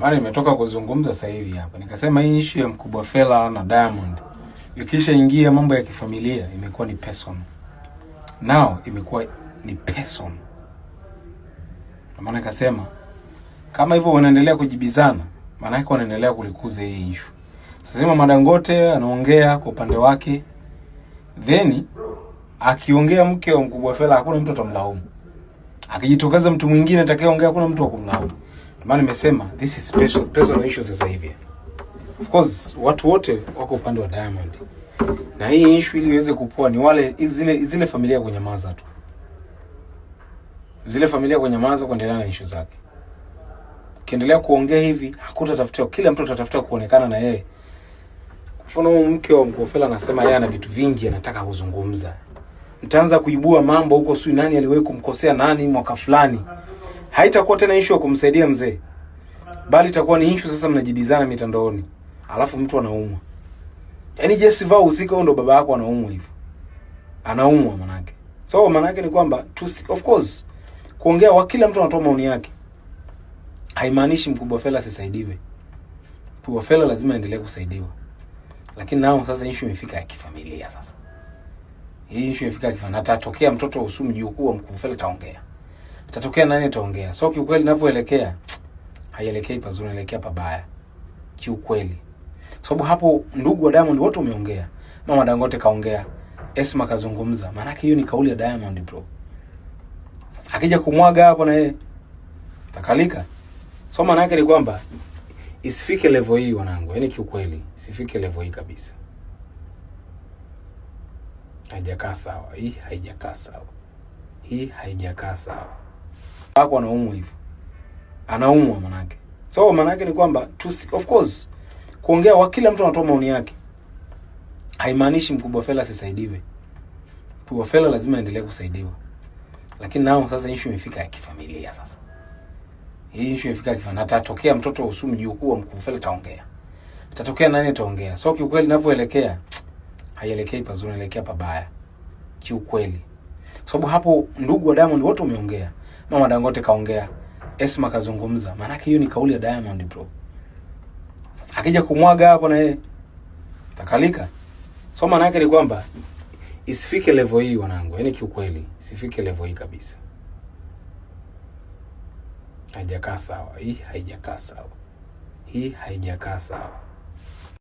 Maana nimetoka kuzungumza sasa hivi hapa, nikasema hii issue ya Mkubwa Fela na Diamond ikisha ingia mambo ya kifamilia imekuwa ni person Now imekuwa ni person. Maana nikasema kama hivyo wanaendelea kujibizana, maana yake wanaendelea kulikuza hii issue. Sasa Mama Dangote anaongea kwa upande wake, then akiongea mke wa Mkubwa Fela hakuna mtu atamlaumu, akijitokeza mtu mwingine atakayeongea hakuna mtu wa kumlaumu maana nimesema this is special personal issue sasa hivi. Of course watu wote wako upande wa Diamond, na hii issue ili iweze kupoa ni wale zile zile familia maza tu, zile familia kwenye maza kuendelea na issue zake. Ukiendelea kuongea hivi hakuta hakutatafutiwa, kila mtu atatafuta kuonekana na yeye. Mfano, mke wa Mkofela anasema yeye ana vitu vingi anataka kuzungumza, mtaanza kuibua mambo huko, sio nani aliwahi kumkosea nani mwaka fulani haitakuwa tena issue ya kumsaidia mzee, bali itakuwa ni issue sasa mnajibizana mitandaoni, alafu mtu anaumwa. Yaani Jesse vao usika ndo baba yako anaumwa hivyo, anaumwa manake. So manake ni kwamba of course kuongea wa kila mtu anatoa maoni yake haimaanishi mkubwa fela sisaidiwe. mkubwa fela lazima aendelee kusaidiwa, lakini nao sasa issue imefika ya kifamilia sasa hii issue imefika kifamilia. atatokea mtoto usu mjukuu wa mkubwa fela taongea Tatokea nani ataongea. So kiukweli ninapoelekea haielekei pazuri, naelekea pabaya. Kiukweli. Kwa so, hapo ndugu wa Diamond wote umeongea. Mama Dangote kaongea. Esma kazungumza. maanake hiyo ni kauli ya Diamond bro. Akija kumwaga hapo na yeye takalika. So maana ni kwamba isifike level hii wanangu. Yaani kiukweli, isifike level hii kabisa. Haijakaa sawa. Hii haijakaa sawa. Hii haijakaa sawa wako anaumwa hivyo, anaumwa manake. So manake ni kwamba tusi, of course kuongea wa kila mtu anatoa maoni yake haimaanishi mkubwa fela asisaidiwe. Mkubwa fela lazima aendelee kusaidiwa, lakini nao sasa issue imefika ya kifamilia. Sasa hii issue imefika ya kifamilia, atatokea mtoto wa usumu mjukuu wa mkubwa fela taongea, atatokea nani ataongea. So kiukweli ninapoelekea haielekei pazuri, inaelekea pabaya kiukweli, kwa sababu hapo ndugu wa Diamond wote umeongea Mama Dangote kaongea, Esma kazungumza, maanake hiyo ni kauli ya Diamond bro. Akija kumwaga hapo na yeye takalika. So maana yake ni kwamba isifike level hii wanangu, yani kiukweli isifike level hii kabisa. Haijakaa sawa hii, haijakaa sawa hii, haijakaa sawa.